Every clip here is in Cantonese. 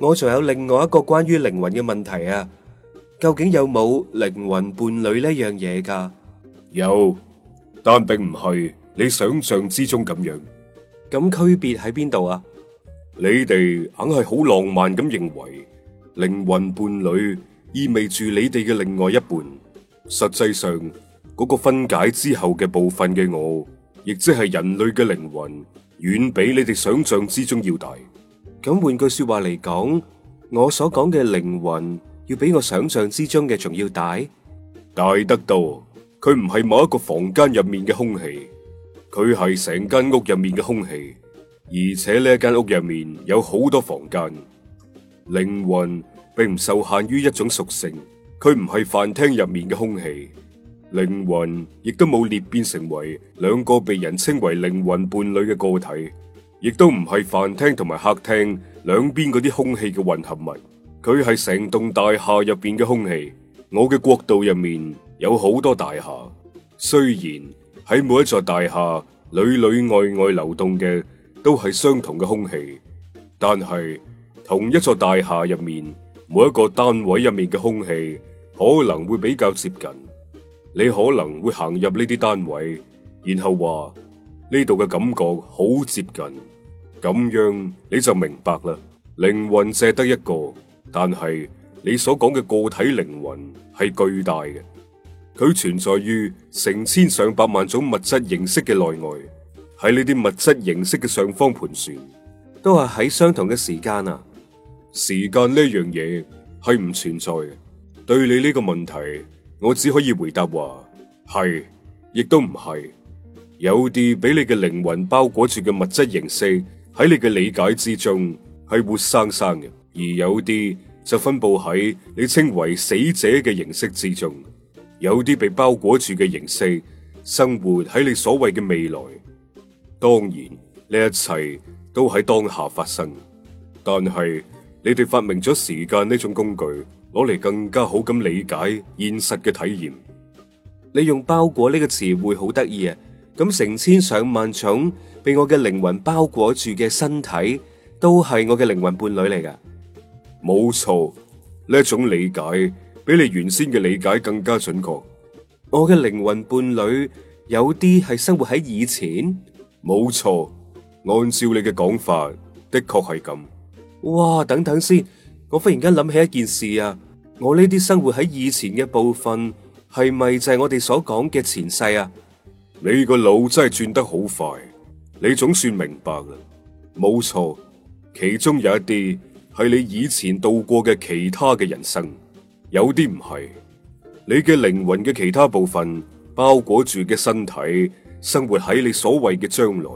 我仲有另外一個關於靈魂嘅問題啊，究竟有冇靈魂伴侶呢樣嘢噶？有，但並唔係你想象之中咁樣。咁區別喺邊度啊？你哋硬係好浪漫咁認為靈魂伴侶意味住你哋嘅另外一半，實際上嗰個分解之後嘅部分嘅我，亦即係人類嘅靈魂，遠比你哋想象之中要大。咁換句話說話嚟講，我所講嘅靈魂要比我想象之中嘅仲要大德德，大得多，佢唔係某一個房間入面嘅空氣，佢係成間屋入面嘅空氣。而且呢一間屋入面有好多房間，靈魂並唔受限於一種屬性，佢唔係飯廳入面嘅空氣，靈魂亦都冇裂變成為兩個被人稱為靈魂伴侶嘅個體。亦都唔係飯廳同埋客廳兩邊嗰啲空氣嘅混合物，佢係成棟大廈入邊嘅空氣。我嘅國度入面有好多大廈，雖然喺每一座大廈裏裏外外流動嘅都係相同嘅空氣，但係同一座大廈入面每一個單位入面嘅空氣可能會比較接近。你可能會行入呢啲單位，然後話。呢度嘅感覺好接近，咁樣你就明白啦。靈魂只得一個，但係你所講嘅個體靈魂係巨大嘅，佢存在於成千上百萬種物質形式嘅內外，喺呢啲物質形式嘅上方盤旋，都係喺相同嘅時間啊。時間呢樣嘢係唔存在嘅。對你呢個問題，我只可以回答話係，亦都唔係。有啲俾你嘅靈魂包裹住嘅物質形式喺你嘅理解之中係活生生嘅，而有啲就分布喺你稱為死者嘅形式之中。有啲被包裹住嘅形式生活喺你所謂嘅未來。當然呢一切都喺當下發生，但係你哋發明咗時間呢種工具，攞嚟更加好咁理解現實嘅體驗。你用包裹呢、這個詞彙好得意啊！咁成千上萬種被我嘅靈魂包裹住嘅身體，都係我嘅靈魂伴侶嚟噶。冇錯，呢種理解比你原先嘅理解更加準確。我嘅靈魂伴侶有啲係生活喺以前。冇錯，按照你嘅講法，的確係咁。哇，等等先，我忽然間諗起一件事啊，我呢啲生活喺以前嘅部分，係咪就係我哋所講嘅前世啊？你個腦真係轉得好快，你總算明白啦。冇錯，其中有一啲係你以前度過嘅其他嘅人生，有啲唔係。你嘅靈魂嘅其他部分包裹住嘅身體生活喺你所謂嘅將來，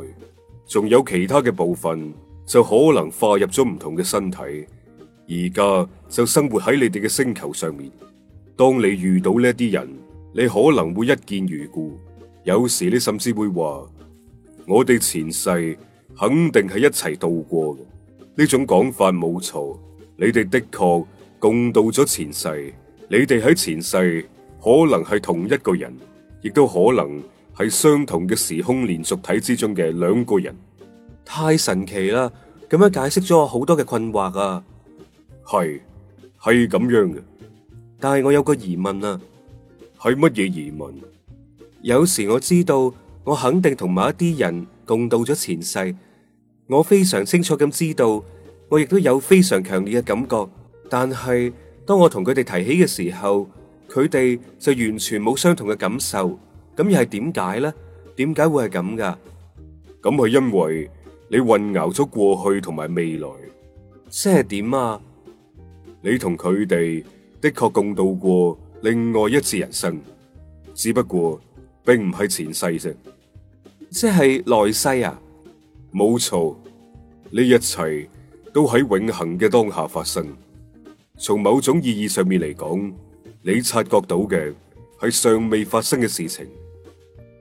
仲有其他嘅部分就可能化入咗唔同嘅身體，而家就生活喺你哋嘅星球上面。當你遇到呢啲人，你可能會一見如故。有時你甚至會話，我哋前世肯定係一齊度過嘅，呢種講法冇錯。你哋的確共度咗前世，你哋喺前世可能係同一個人，亦都可能係相同嘅時空連續體之中嘅兩個人。太神奇啦！咁樣解釋咗我好多嘅困惑啊。係，係咁樣嘅，但係我有個疑問啊，係乜嘢疑問？有時我知道，我肯定同某一啲人共度咗前世，我非常清楚咁知道，我亦都有非常強烈嘅感覺。但係當我同佢哋提起嘅時候，佢哋就完全冇相同嘅感受。咁又係點解呢？點解會係咁噶？咁係因為你混淆咗過去同埋未來。即係點啊？你同佢哋的確共度過另外一次人生，只不過。並唔係前世啫，即係來世啊！冇錯，呢一切都喺永恒嘅當下發生。從某種意義上面嚟講，你察覺到嘅係尚未發生嘅事情。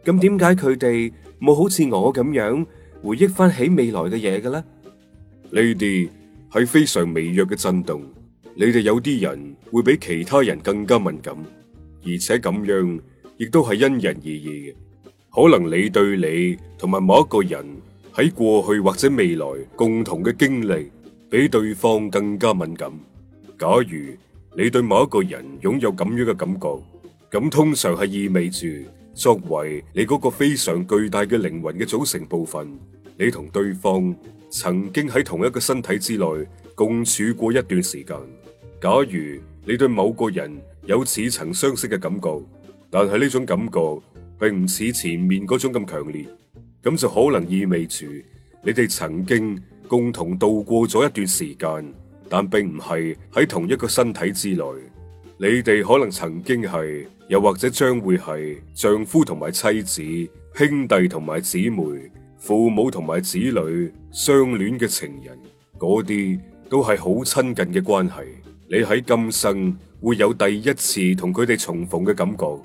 咁點解佢哋冇好似我咁樣回憶翻起未來嘅嘢嘅咧？呢啲係非常微弱嘅震動，你哋有啲人會比其他人更加敏感，而且咁樣。亦都係因人而異嘅，可能你對你同埋某一個人喺過去或者未來共同嘅經歷，比對方更加敏感。假如你對某一個人擁有咁樣嘅感覺，咁通常係意味住作為你嗰個非常巨大嘅靈魂嘅組成部分，你同對方曾經喺同一個身體之內共處過一段時間。假如你對某個人有似曾相識嘅感覺。但係呢種感覺並唔似前面嗰種咁強烈，咁就可能意味住你哋曾經共同度過咗一段時間，但並唔係喺同一個身體之內。你哋可能曾經係，又或者將會係丈夫同埋妻子、兄弟同埋姊妹、父母同埋子女、相戀嘅情人，嗰啲都係好親近嘅關係。你喺今生會有第一次同佢哋重逢嘅感覺。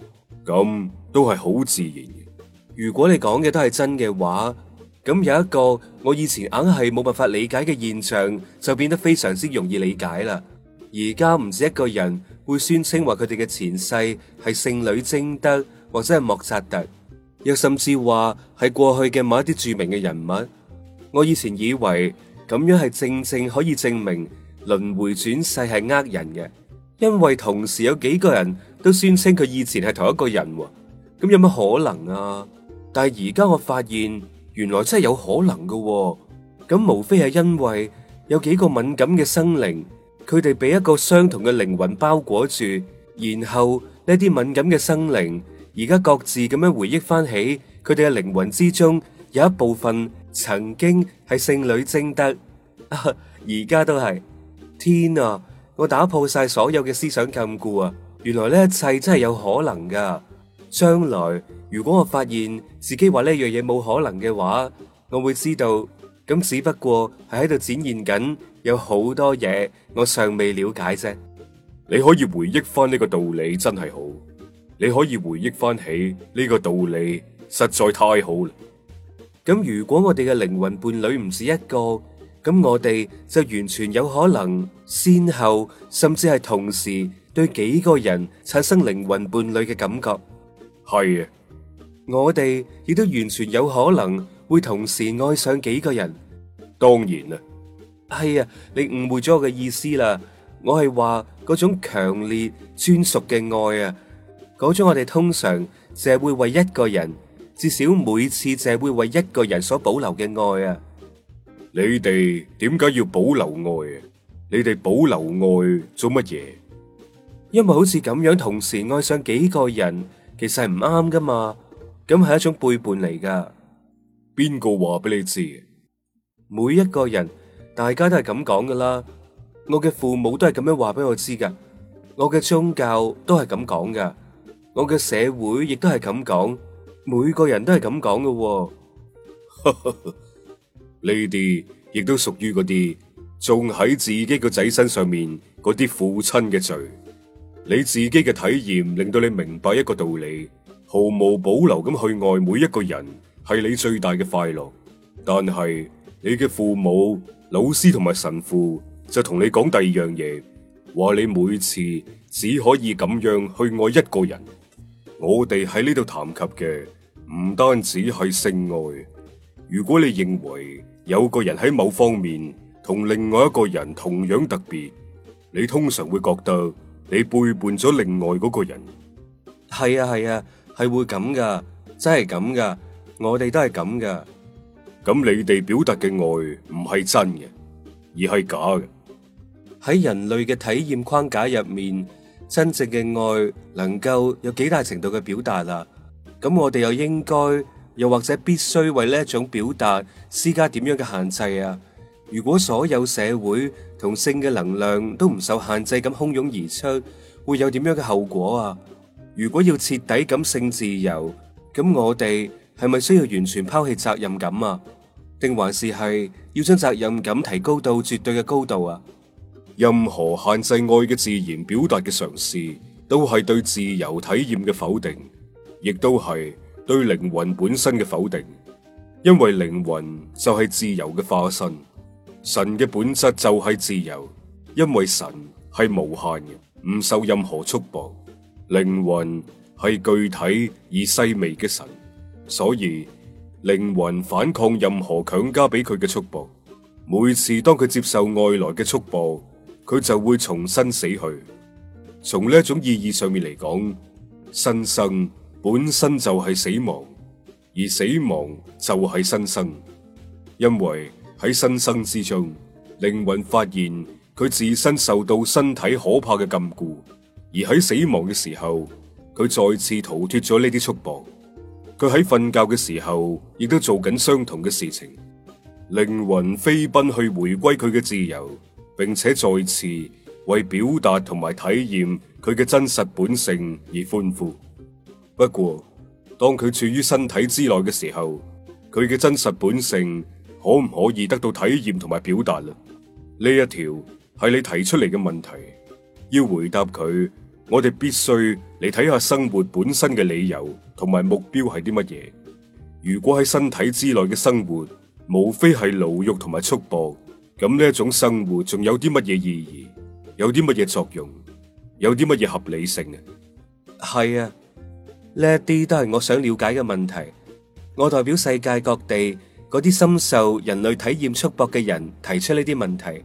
咁都係好自然嘅。如果你講嘅都係真嘅話，咁有一個我以前硬係冇辦法理解嘅現象，就變得非常之容易理解啦。而家唔止一個人會宣稱話佢哋嘅前世係聖女貞德或者係莫扎特，又甚至話係過去嘅某一啲著名嘅人物。我以前以為咁樣係正正可以證明輪迴轉世係呃人嘅。因為同時有幾個人都宣稱佢以前係同一個人，咁有乜可能啊？但係而家我發現原來真係有可能噶哦，咁無非係因為有幾個敏感嘅生靈，佢哋俾一個相同嘅靈魂包裹住，然後呢啲敏感嘅生靈而家各自咁樣回憶翻起，佢哋嘅靈魂之中有一部分曾經係聖女貞德，而家都係天啊！我打破晒所有嘅思想禁錮啊！原來呢一切真係有可能噶。將來如果我發現自己話呢樣嘢冇可能嘅話，我會知道咁只不過係喺度展現緊有好多嘢我尚未了解啫。你可以回憶翻呢個道理真係好，你可以回憶翻起呢個道理實在太好啦。咁如果我哋嘅靈魂伴侶唔止一個。咁我哋就完全有可能先後，甚至係同時對幾個人產生靈魂伴侶嘅感覺。係啊，我哋亦都完全有可能會同時愛上幾個人。當然啦，係啊，你誤會咗我嘅意思啦。我係話嗰種強烈、專屬嘅愛啊，嗰種我哋通常淨係會為一個人，至少每次淨係會為一個人所保留嘅愛啊。你哋點解要保留愛啊？你哋保留愛做乜嘢？因為好似咁樣同時愛上幾個人，其實係唔啱噶嘛？咁係一種背叛嚟噶。邊個話俾你知？每一個人，大家都係咁講噶啦。我嘅父母都係咁樣話俾我知噶。我嘅宗教都係咁講噶。我嘅社會亦都係咁講。每個人都係咁講噶。 呢啲亦都屬於嗰啲，仲喺自己個仔身上面嗰啲父親嘅罪。你自己嘅體驗令到你明白一個道理：毫無保留咁去愛每一個人係你最大嘅快樂。但係你嘅父母、老師同埋神父就同你講第二樣嘢，話你每次只可以咁樣去愛一個人。我哋喺呢度談及嘅唔單止係性愛，如果你認為，有個人喺某方面同另外一個人同樣特別，你通常會覺得你背叛咗另外嗰個人。係啊，係啊，係會咁噶，真係咁噶，我哋都係咁噶。咁你哋表達嘅愛唔係真嘅，而係假嘅。喺人類嘅體驗框架入面，真正嘅愛能夠有幾大程度嘅表達啦？咁我哋又應該？又或者必須為呢種表達施加點樣嘅限制啊？如果所有社會同性嘅能量都唔受限制咁洶湧而出，會有點樣嘅後果啊？如果要徹底咁性自由，咁我哋係咪需要完全拋棄責任感啊？定還是係要將責任感提高到絕對嘅高度啊？任何限制愛嘅自然表達嘅嘗試，都係對自由體驗嘅否定，亦都係。對靈魂本身嘅否定，因為靈魂就係自由嘅化身，神嘅本質就係自由，因為神係無限嘅，唔受任何束縛。靈魂係具體而細微嘅神，所以靈魂反抗任何強加俾佢嘅束縛。每次當佢接受外來嘅束縛，佢就會重新死去。從呢一種意義上面嚟講，新生。本身就係死亡，而死亡就係新生。因為喺新生之中，靈魂發現佢自身受到身體可怕嘅禁錮，而喺死亡嘅時候，佢再次逃脫咗呢啲束縛。佢喺瞓覺嘅時候，亦都做緊相同嘅事情。靈魂飛奔去回歸佢嘅自由，並且再次為表達同埋體驗佢嘅真實本性而歡呼。不過，當佢處於身體之內嘅時候，佢嘅真實本性可唔可以得到體驗同埋表達啦？呢一條係你提出嚟嘅問題，要回答佢，我哋必須嚟睇下生活本身嘅理由同埋目標係啲乜嘢。如果喺身體之內嘅生活，無非係牢獄同埋束縛，咁呢一種生活仲有啲乜嘢意義？有啲乜嘢作用？有啲乜嘢合理性啊？係啊。呢一啲都係我想了解嘅問題，我代表世界各地嗰啲深受人類體驗束縛嘅人提出呢啲問題。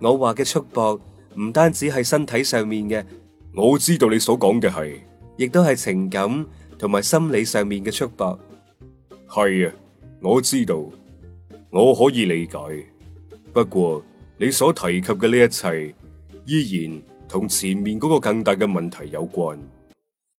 我話嘅束縛唔單止係身體上面嘅，我知道你所講嘅係，亦都係情感同埋心理上面嘅束縛。係啊，我知道，我可以理解。不過你所提及嘅呢一切，依然同前面嗰個更大嘅問題有關。